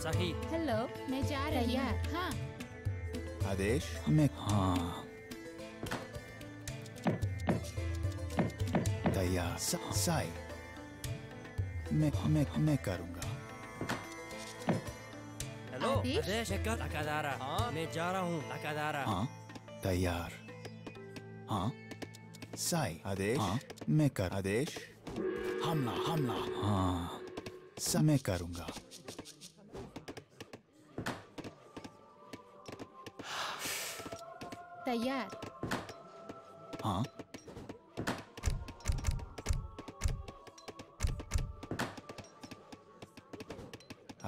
सही हेलो मैं जा रही हूँ हाँ आदेश हमें हाँ तैयार सा, साई मैं मैं मैं करूंगा हेलो आदेश कर अकादारा हाँ मैं जा रहा हूँ अकादारा हाँ तैयार हाँ साई आदेश हाँ मैं कर आदेश हमला हमला हाँ समय करूंगा तैयार हाँ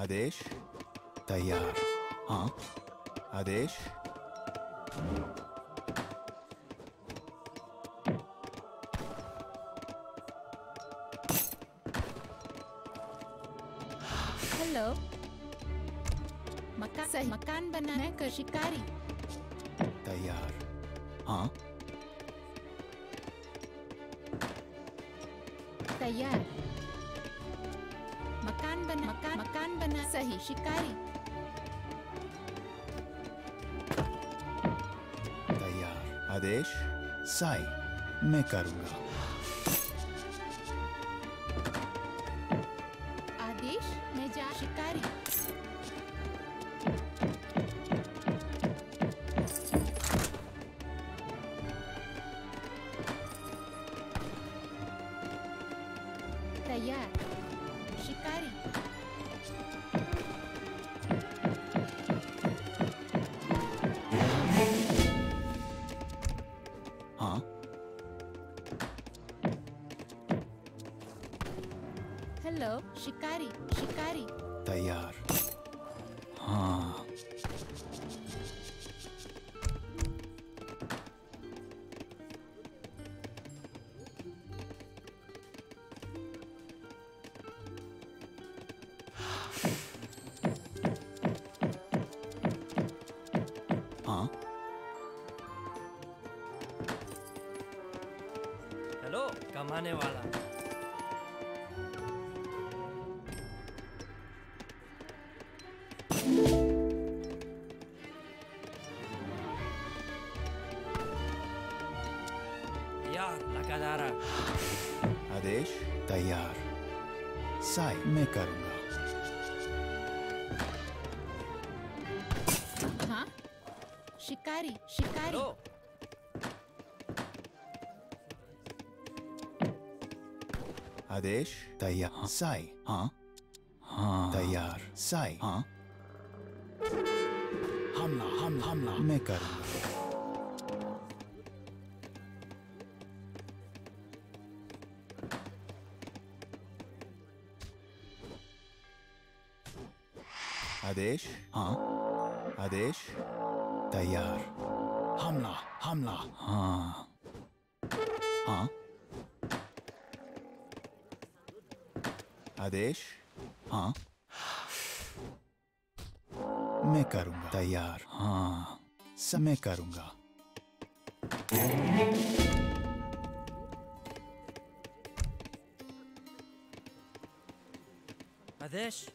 आदेश तैयार हाँ आदेश हेलो मका, मकान बनाना कर शिकारी तैयार हाँ तैयार मकान बना मकान मकान बना सही शिकारी तैयार आदेश साई मैं करूंगा शिकारी शिकारी लो। आदेश तैयार हाँ। साई हाँ हाँ तैयार साई हाँ हमला हमला हमला मैं कर आदेश हाँ आदेश तैयार हमला हमला हाँ हाँ आदेश हाँ मैं करूंगा तैयार हाँ समय करूंगा आदेश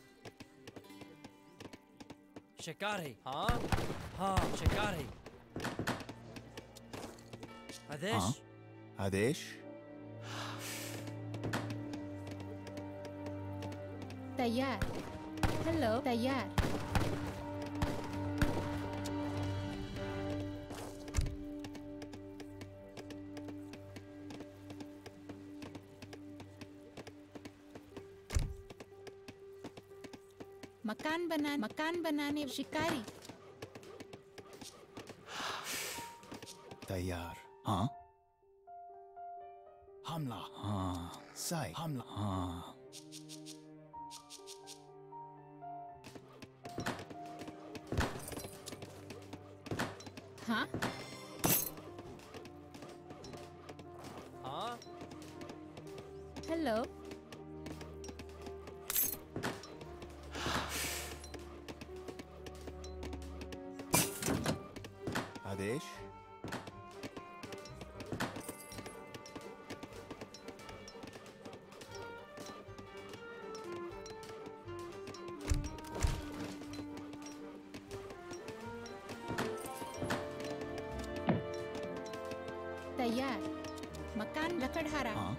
शिकार है हाँ शिकारी आदेश हाँ? आदेश तैयार हेलो तैयार बना मकान बनाने शिकारी तैयार हाँ हमला हाँ सही हमला हाँ हाँ हाँ हेलो प्रदेश तैयार मकान लकड़हारा हाँ।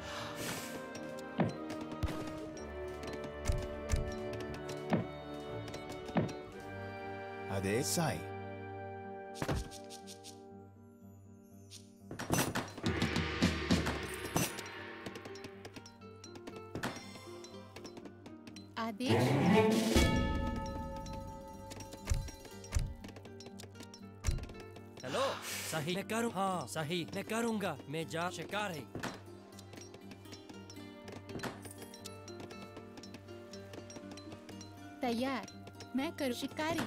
आदेश साई सही मैं करूँ हाँ सही मैं करूँगा मैं जा शिकार है तैयार मैं करूँ शिकारी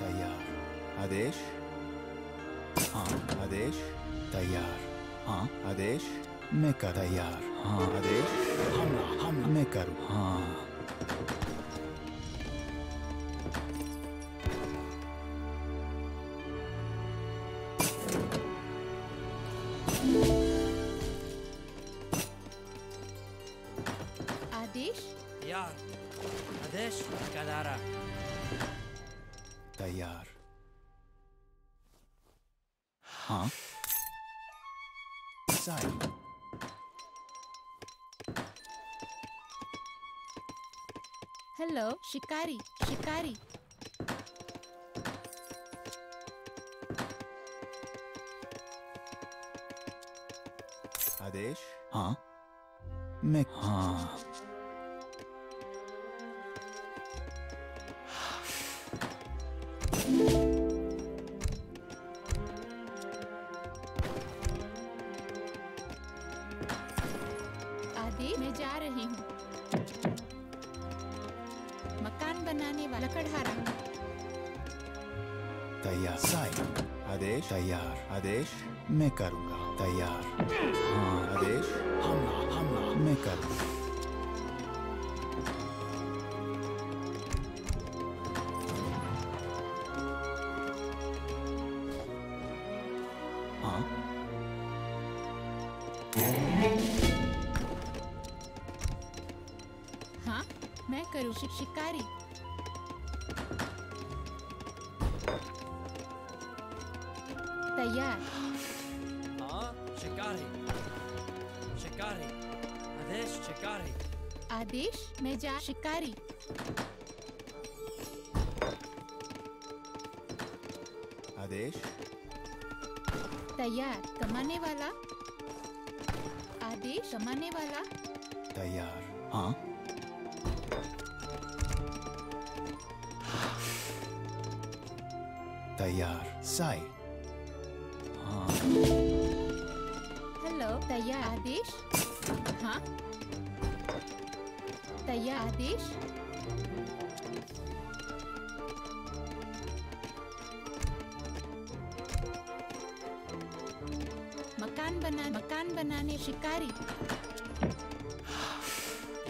तैयार आदेश हाँ आदेश तैयार हाँ आदेश मैं कर तैयार हाँ आदेश हमला हमला मैं करूँ हाँ है यार हाँ साई हेलो शिकारी शिकारी आदेश हाँ मैं हाँ आदेश मैं जा शिकारी आदेश तैयार कमाने वाला आदेश कमाने वाला तैयार हाँ तैयार साई हाँ हेलो तैयार आदेश हाँ तया आदेश मकान बना मकान बनाने शिकारी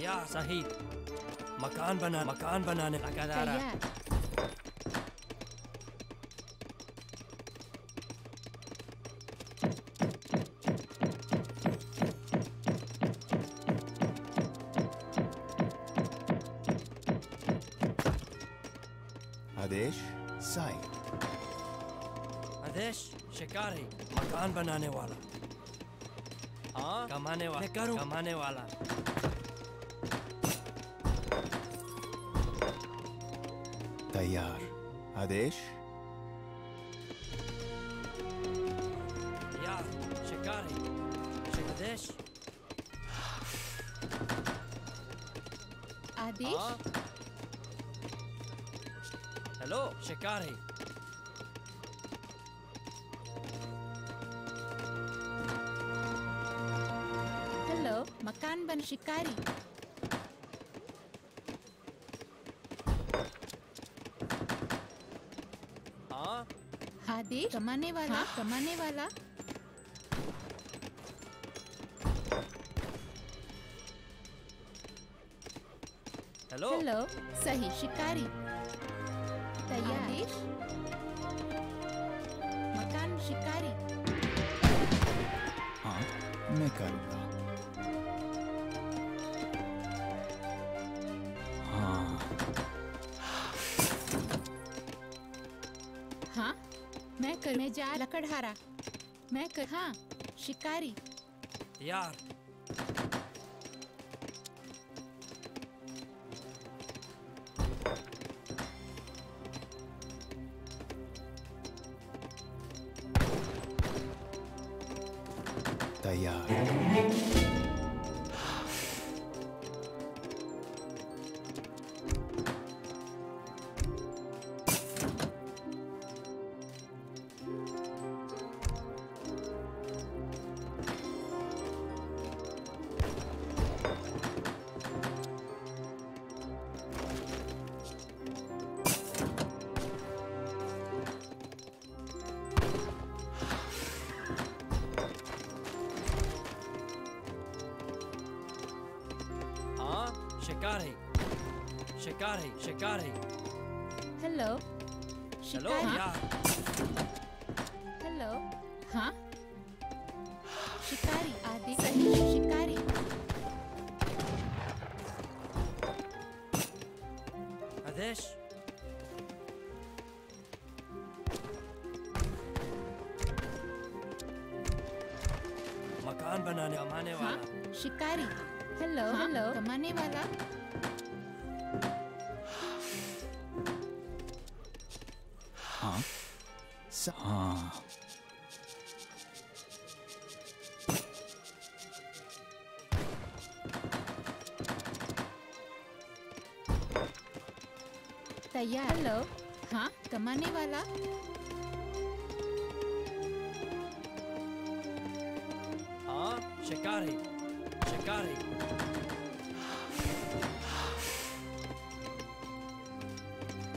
या सही मकान बना मकान बनाने लगा तैयार कमाने वाला मैं कमाने वाला तैयार आदेश यार शिकारी आदेश आदेश हाँ? हेलो है बन शिकारी हाँ हाँ कमाने वाला हाँ? कमाने वाला हेलो हेलो सही शिकारी तैयार हाँ मकान शिकारी हाँ मैं करूँगा कर मैं जा लकड़हारा मैं कर हाँ शिकारी यार हेलो हेलो हाँ, कमाने वाला हाँ हाँ तैयार हेलो हाँ कमाने वाला हाँ शिकार है got it.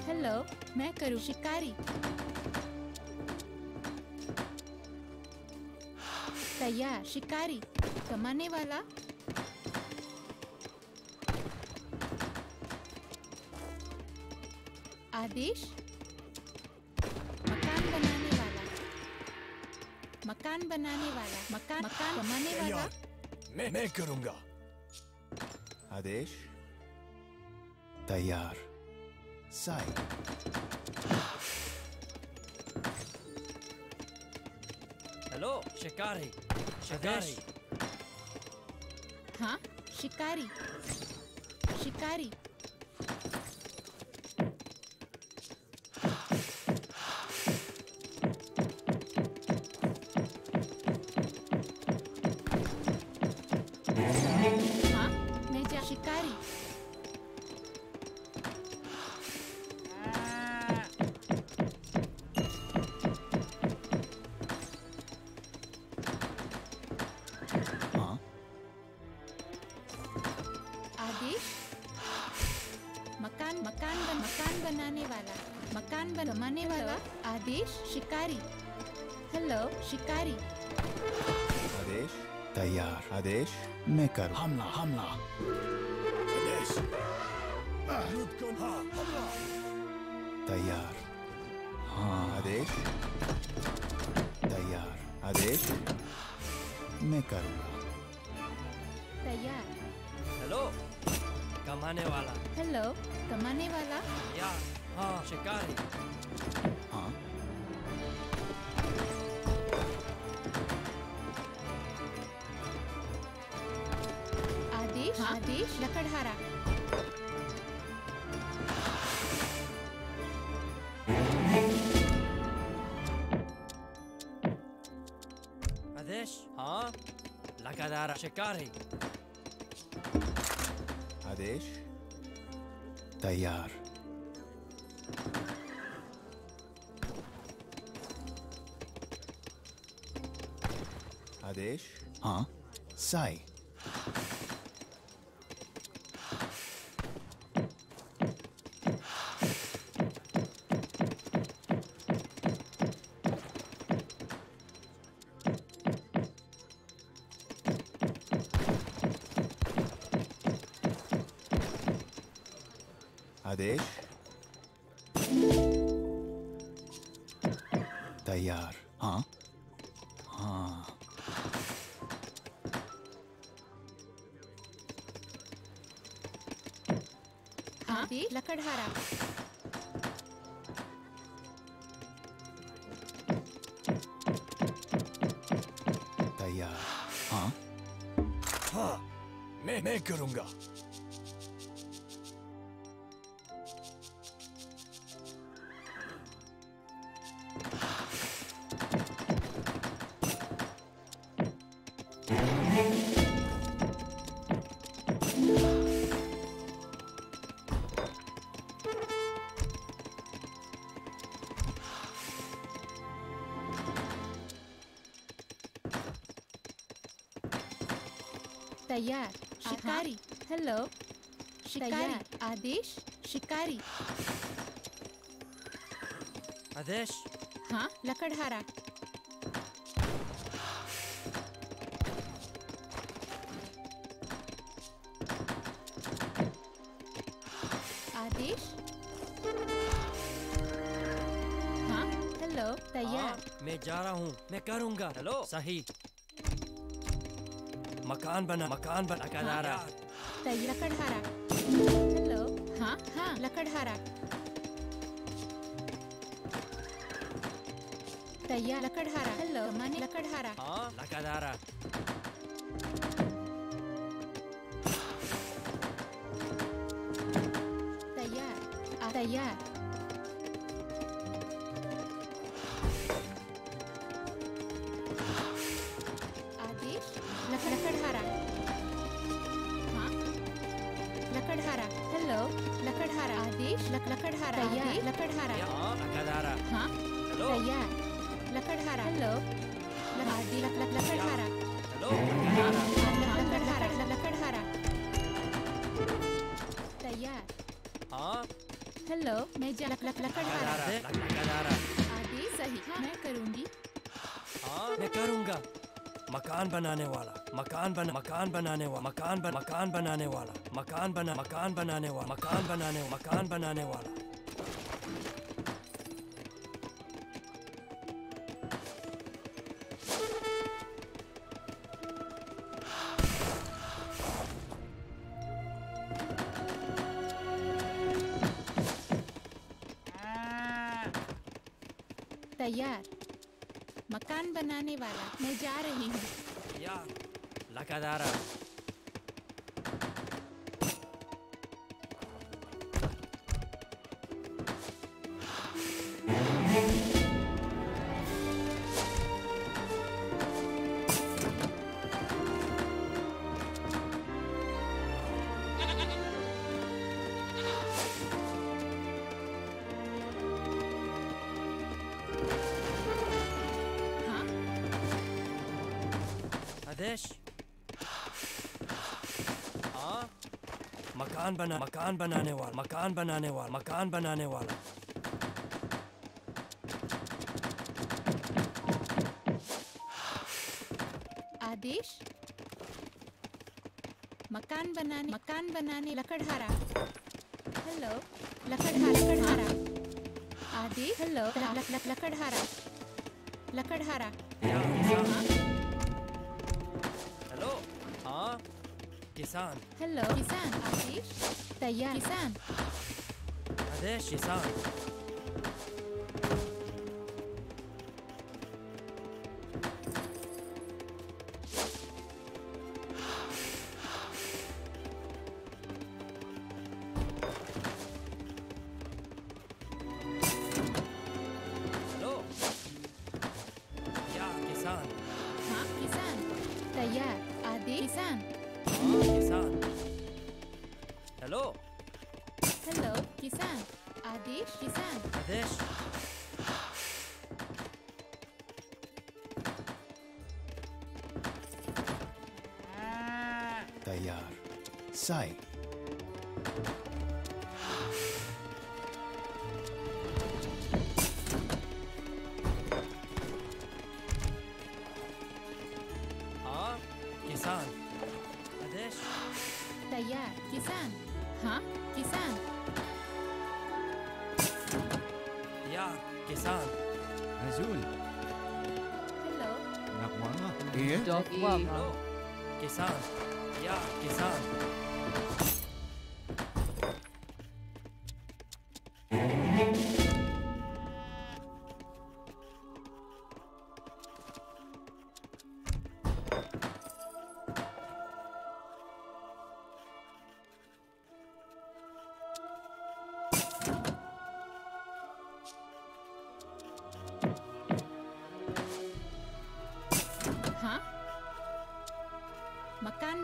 हेलो मैं करूँ शिकारी तैयार शिकारी कमाने वाला आदेश मकान बनाने वाला मकान बनाने वाला मकान मकान बनाने वाला मैं मैं करूंगा आदेश तैयार साई हेलो शिकारी शिकारी हाँ शिकारी शिकारी तैयार आदेश मैं कर हमला हमला आदेश तैयार हाँ आदेश तैयार आदेश मैं करूंगा तैयार हेलो कमाने वाला हेलो कमाने वाला या हाँ शिकारी हाँ वीर लकड़हारा आदेश हाँ लगातार शिकार है आदेश तैयार आदेश हाँ साई कढ़ारा तैयार हाँ हाँ मैं मैं करूंगा तैयार शिकारी हेलो शिकारी आदेश शिकारी आदेश हाँ लकड़हारा आदेश हाँ हेलो तैयार हाँ, मैं जा रहा हूँ मैं करूँगा हेलो सही मकान बना मकान बना तो लकड़हारा हाँ हाँ लकड़हारा तैयार तो लकड़हारा हेलो तो माने लकड़हारा हाँ लकड़हारा लो मैं आगे सही मैं करूंगी हाँ मैं करूँगा मकान बनाने वाला मकान बन मकान बनाने वाला मकान बन मकान बनाने वाला मकान बना मकान बनाने वाला मकान बनाने मकान बनाने वाला बनाने वाला मैं जा रही हूँ लगातार दिश हाँ मकान बना मकान बनाने वाला मकान बनाने वाला मकान बनाने वाला आदेश मकान बनाने मकान बनाने लकड़हारा हेलो लकड़हारा लकड़हारा आदि हेलो लकड़हारा लकड़हारा Kisan. Hello. Kisan. Ashish. Tayyar. Kisan. Ah. Adesh Kisan.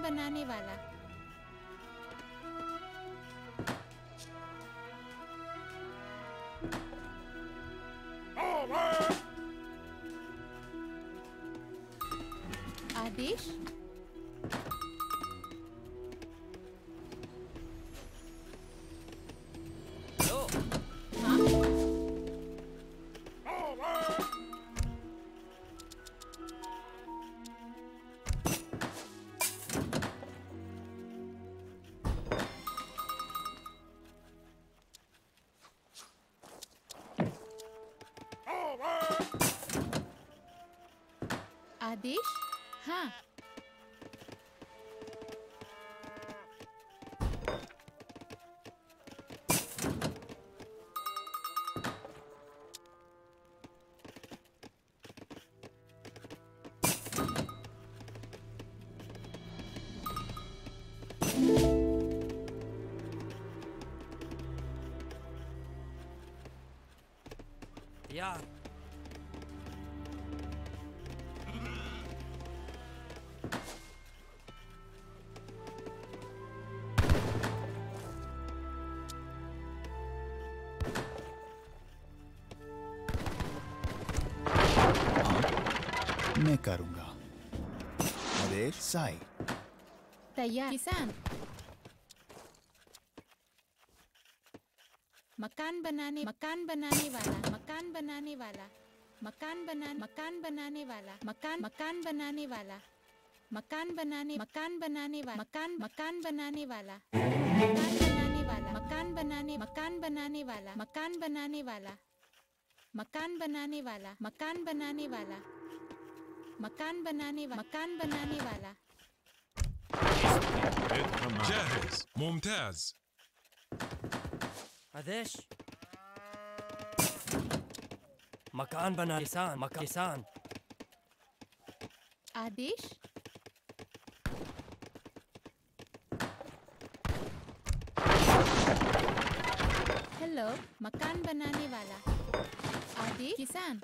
बनाने वाला आदेश मैं करूंगा नरेश साई तैयार किसान मकान बनाने मकान बनाने वाला मकान बनाने वाला मकान बना मकान बनाने वाला मकान मकान बनाने वाला मकान बनाने मकान बनाने वाला मकान मकान बनाने वाला मकान बनाने वाला मकान बनाने मकान बनाने वाला मकान बनाने वाला मकान बनाने वाला मकान बनाने वाला मकान बनाने वा, मकान बनाने वाला मुमताज आदेश मकान बना किसान मकान किसान आदेश हेलो मकान बनाने वाला आदेश किसान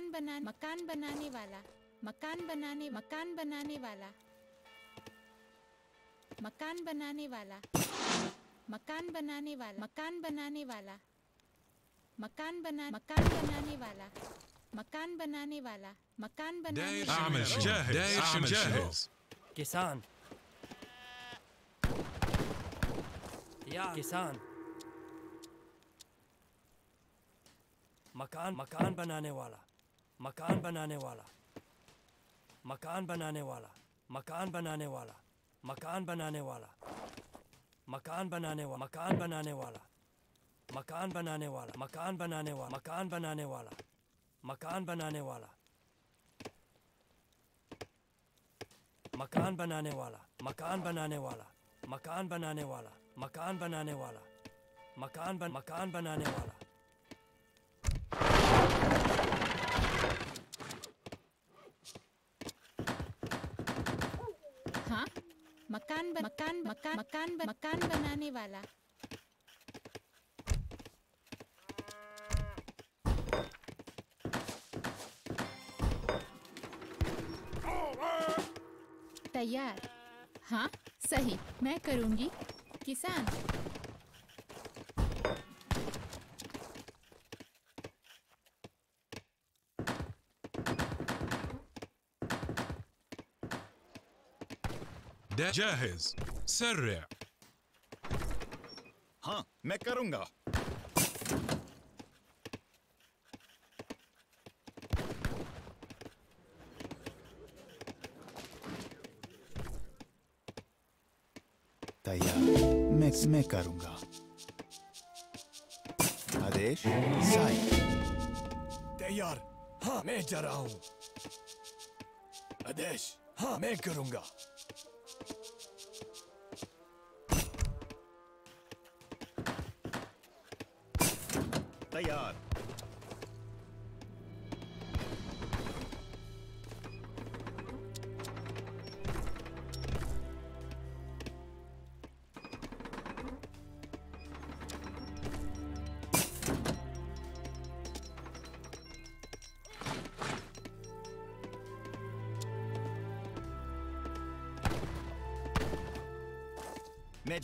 मकान बना मकान बनाने वाला मकान बनाने मकान बनाने वाला मकान बनाने वाला मकान बनाने वाला मकान बनाने वाला मकान बना मकान बनाने वाला मकान बनाने वाला मकान बनाने वाला किसान या किसान मकान मकान बनाने वाला मकान बनाने वाला मकान बनाने वाला मकान बनाने वाला मकान बनाने वाला मकान बनाने वाला मकान बनाने वाला मकान बनाने वाला मकान बनाने वाला मकान बनाने वाला मकान बनाने वाला मकान बनाने वाला मकान बनाने वाला मकान बनाने वाला मकान बनाने वाला मकान बन मकान बनाने वाला मकान बन, मकान मकान मकान बन, मकान बनाने वाला तैयार हाँ सही मैं करूंगी किसान جاهز سرع हाँ मैं करूंगा तैयार मैं मैं करूंगा आदेश साइन तैयार हाँ मैं जा रहा हूं आदेश हाँ मैं करूंगा तैयार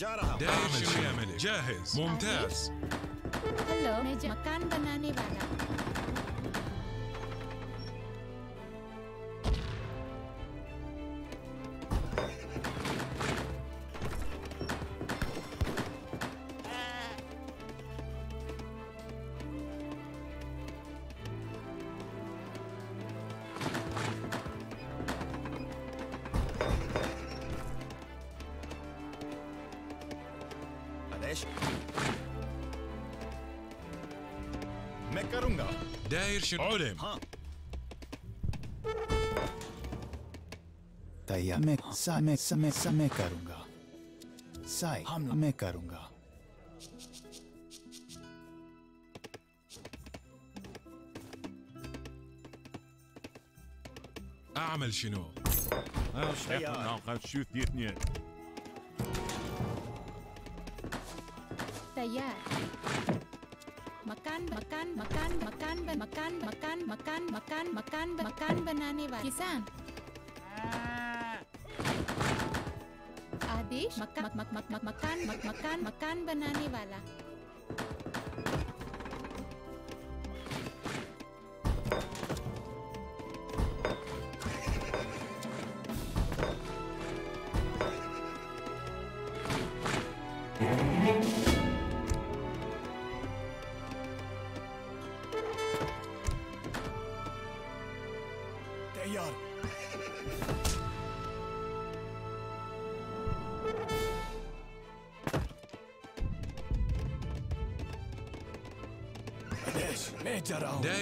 जा रहा हूं داعش العملي جاهز ممتاز हेलो मैं मकान बनाने वाला Dair should... Hold him. Huh. तैयार मैं सा मैं सा मैं सा मैं करूंगा साई हमला मैं करूंगा اعمل شنو؟ ايش نعم شوت دي اثنين تيار मकान मकान मकान मकान मकान मकान मकान मकान मकान मकान बनाने वाले किसान आदेश मकान मकान मकान मकान बनाने वाला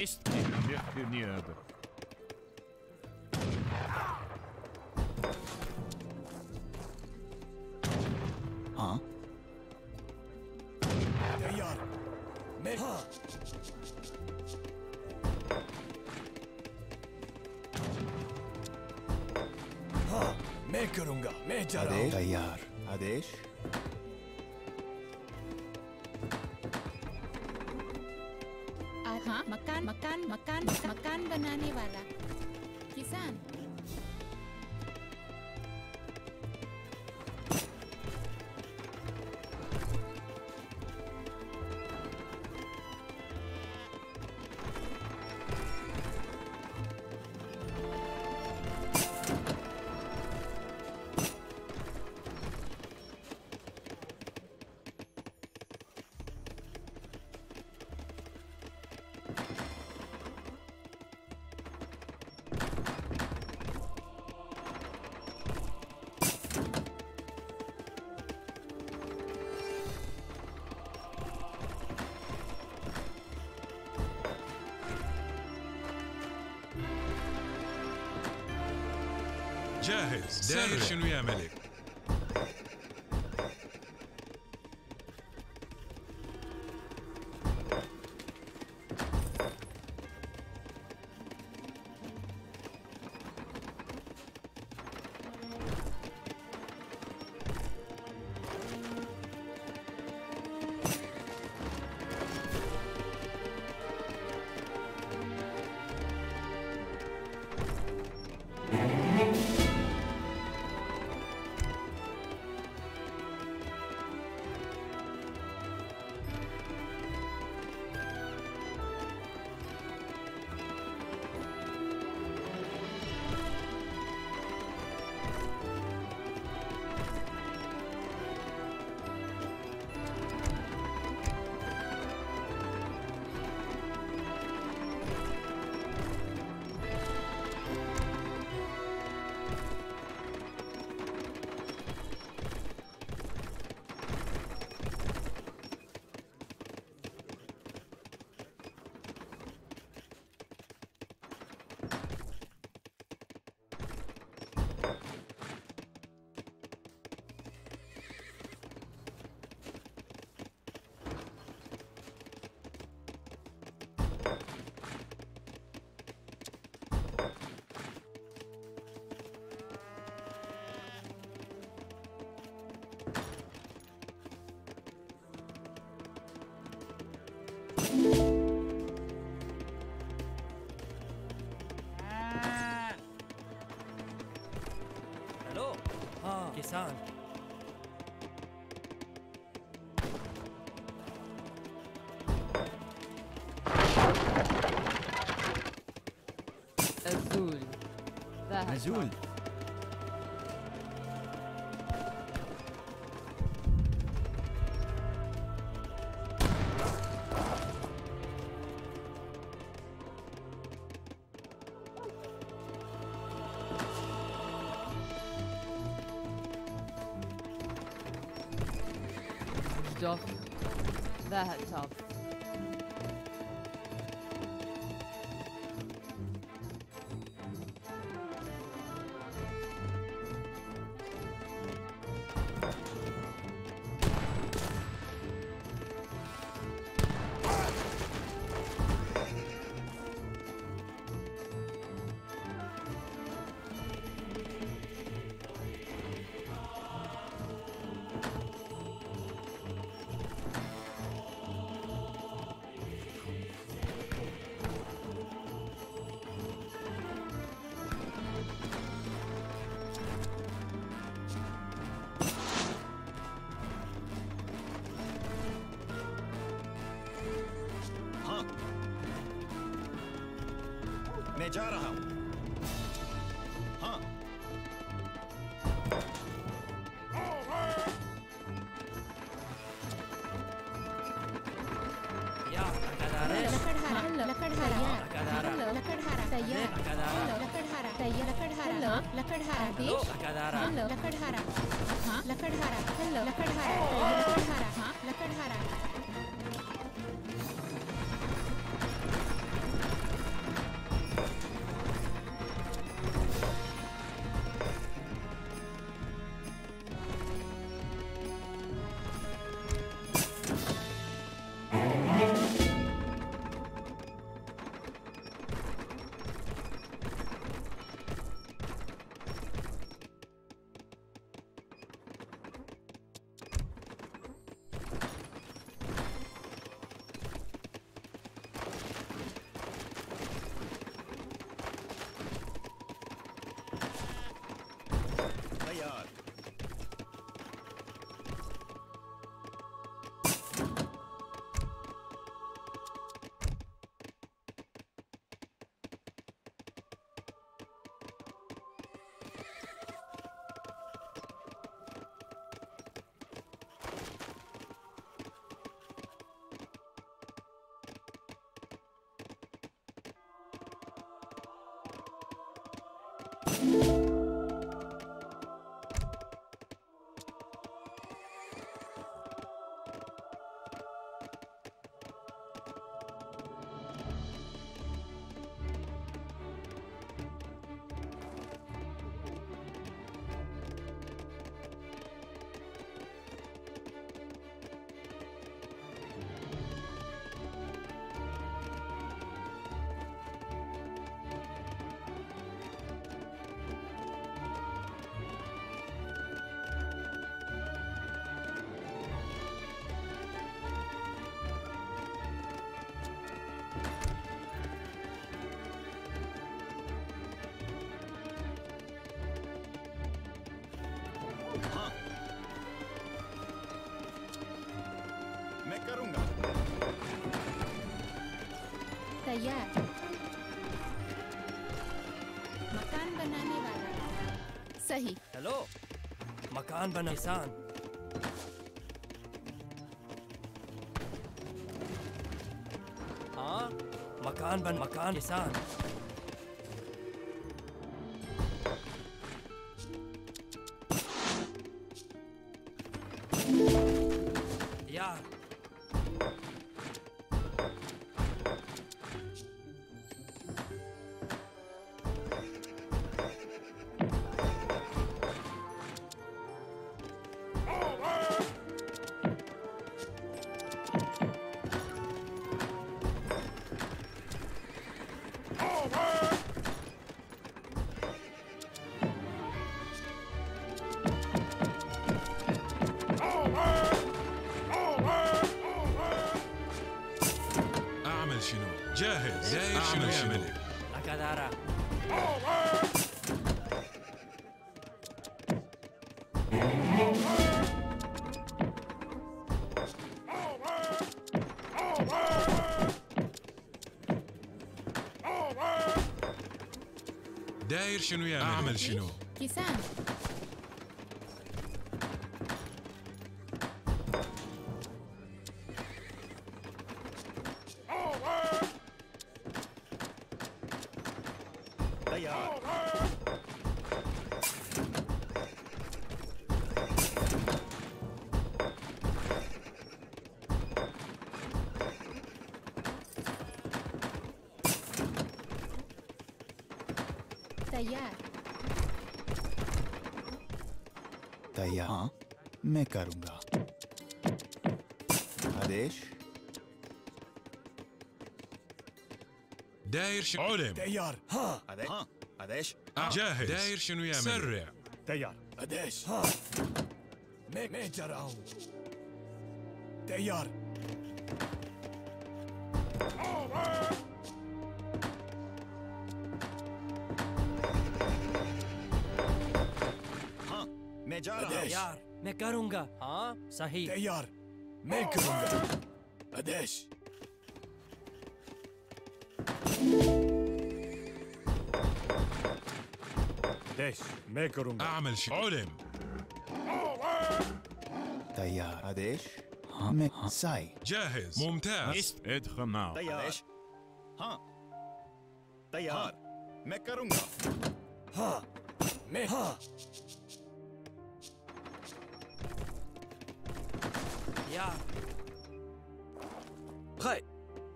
ist die Pionierde. हाँ तैयार मैं हाँ मैं करूंगा मैं जा तैयार आदेश جاهز سرش انه يعملك نزول stuff. That helps. जा रहा हूं हाँ। लकड़हारा हाँ। लकड़हारा लकड़हारा लकड़हारा thank you तैयार मकान बनाने वाला सही हेलो मकान बना किसान हाँ मकान बन मकान किसान داير شنو يعمل؟ أعمل شنو؟ كيسان عالم تيار ها هذا ها هذا ايش؟ جاهز داير شنو يعمل؟ سرع تيار هذا ايش؟ ها ميجر او تيار تيار ميكارونجا ها صحيح تيار ميكارونجا أديش ليش؟ ميكرون اعمل شيء علم تيار هذا ايش؟ ساي جاهز ممتاز ادخل معه تيار ايش؟ ها تيار ماكرونة ها مك ها يا خي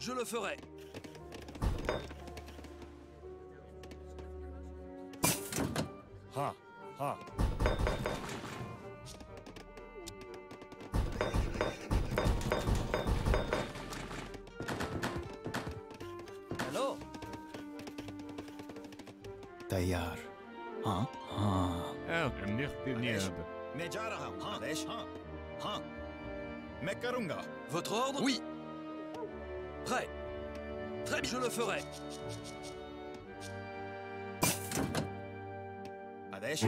جو لو ferai Ah. Hello. Hein? Ah. Ah, hein, hein, votre ordre Oui. Prêt. Très bien, je le ferai. fresh.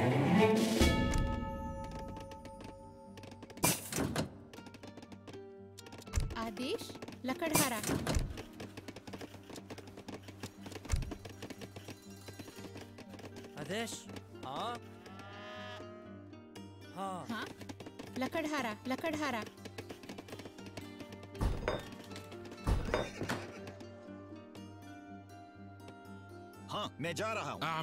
आदेश लकड़हारा आदेश हाँ हाँ हाँ लकड़हारा लकड़हारा हाँ मैं जा रहा हूँ हाँ,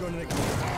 going to the car.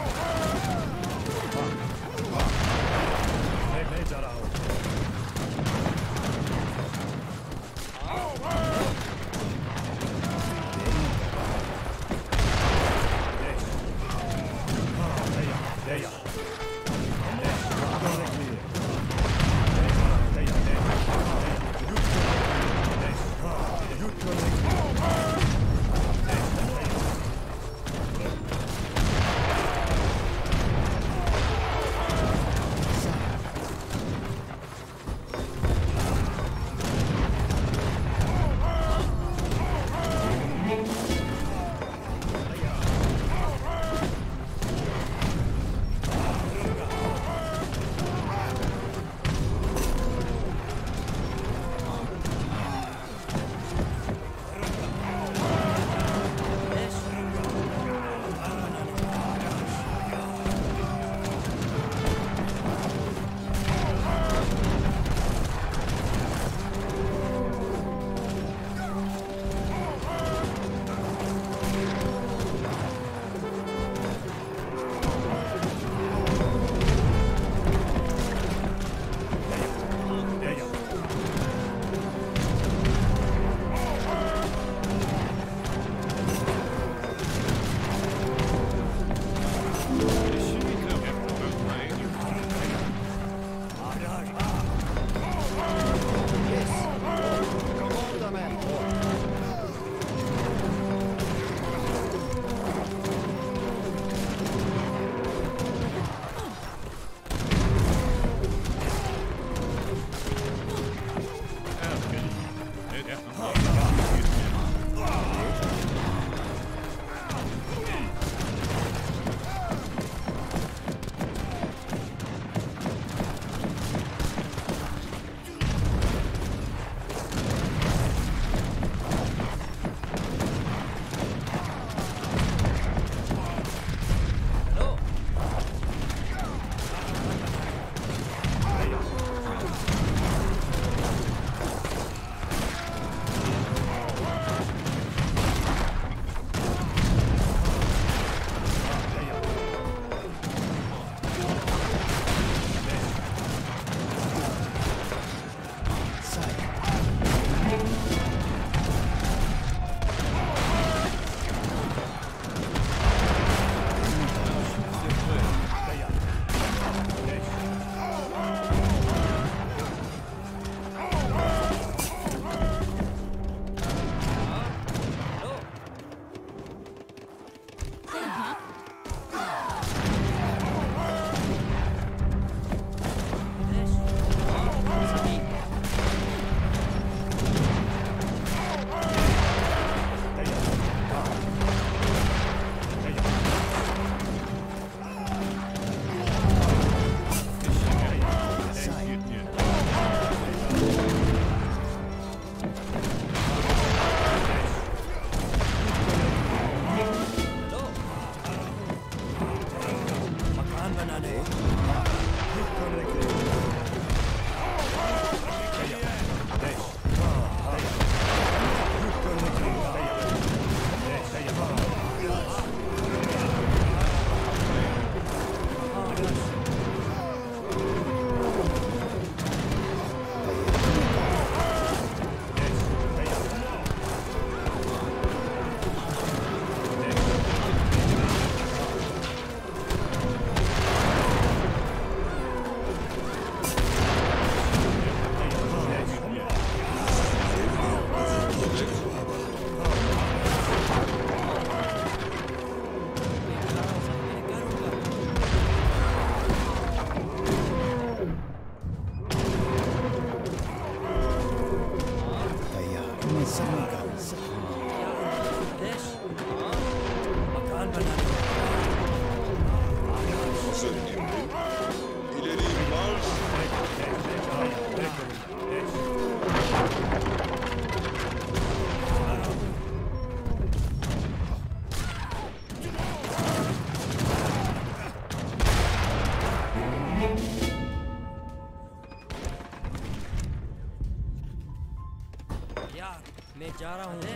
जा रहा हूँ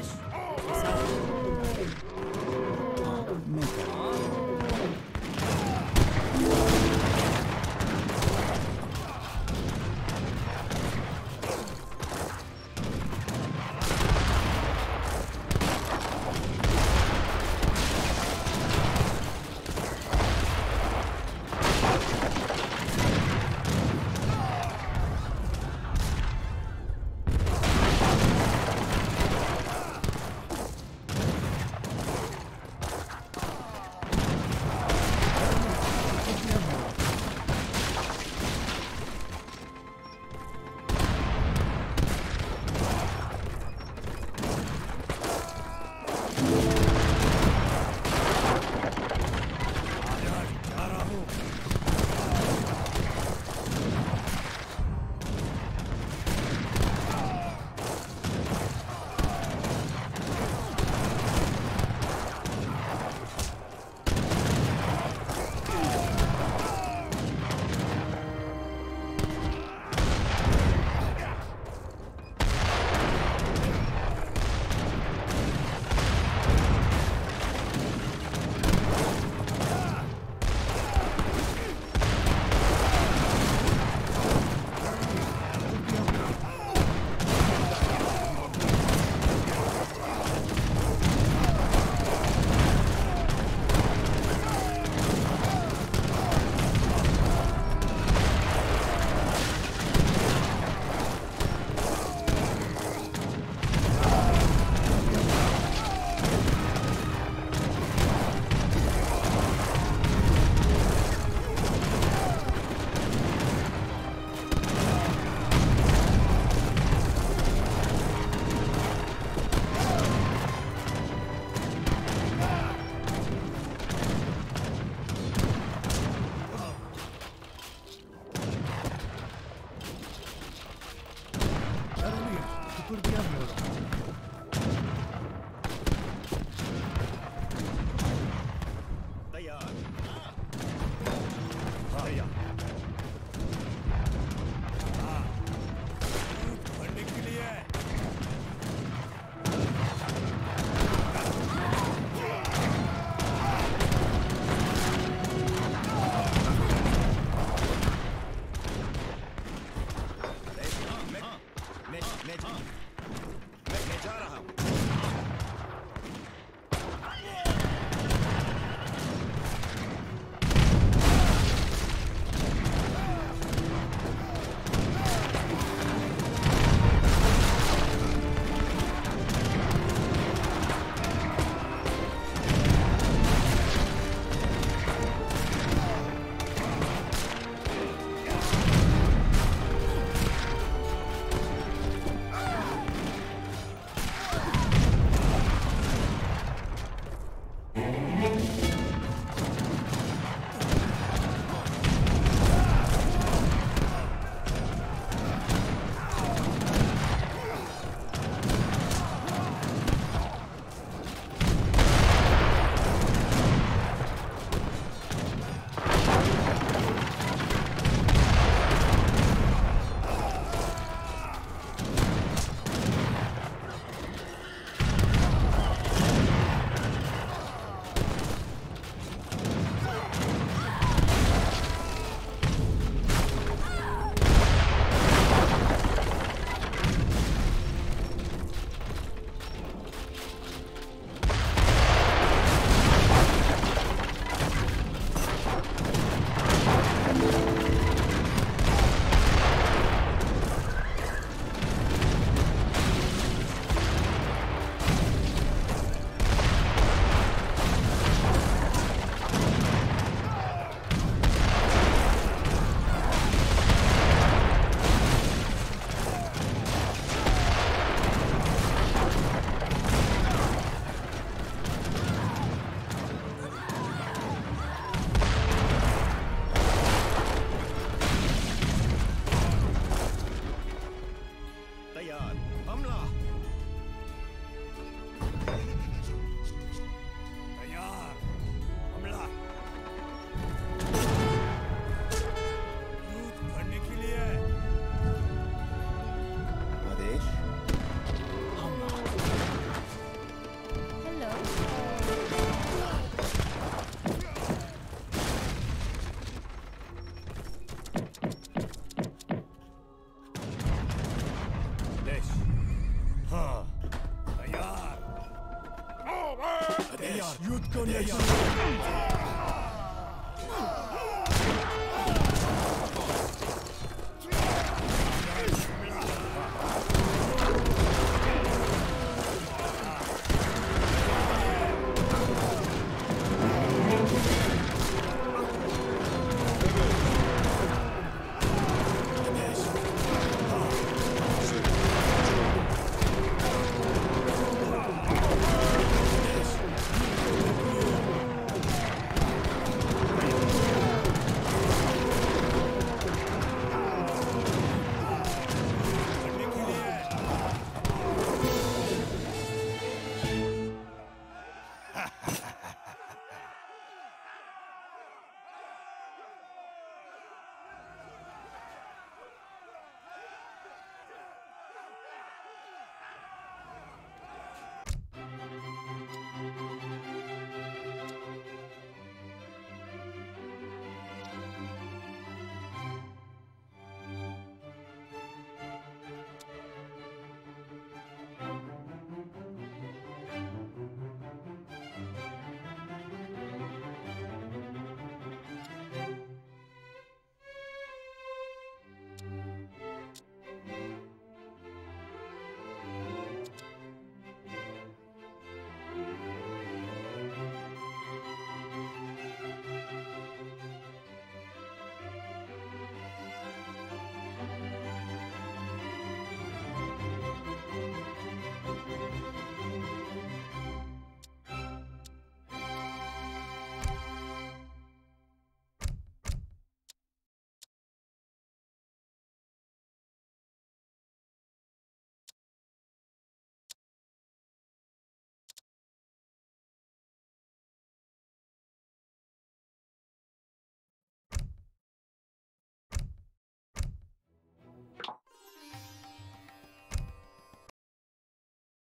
yeah.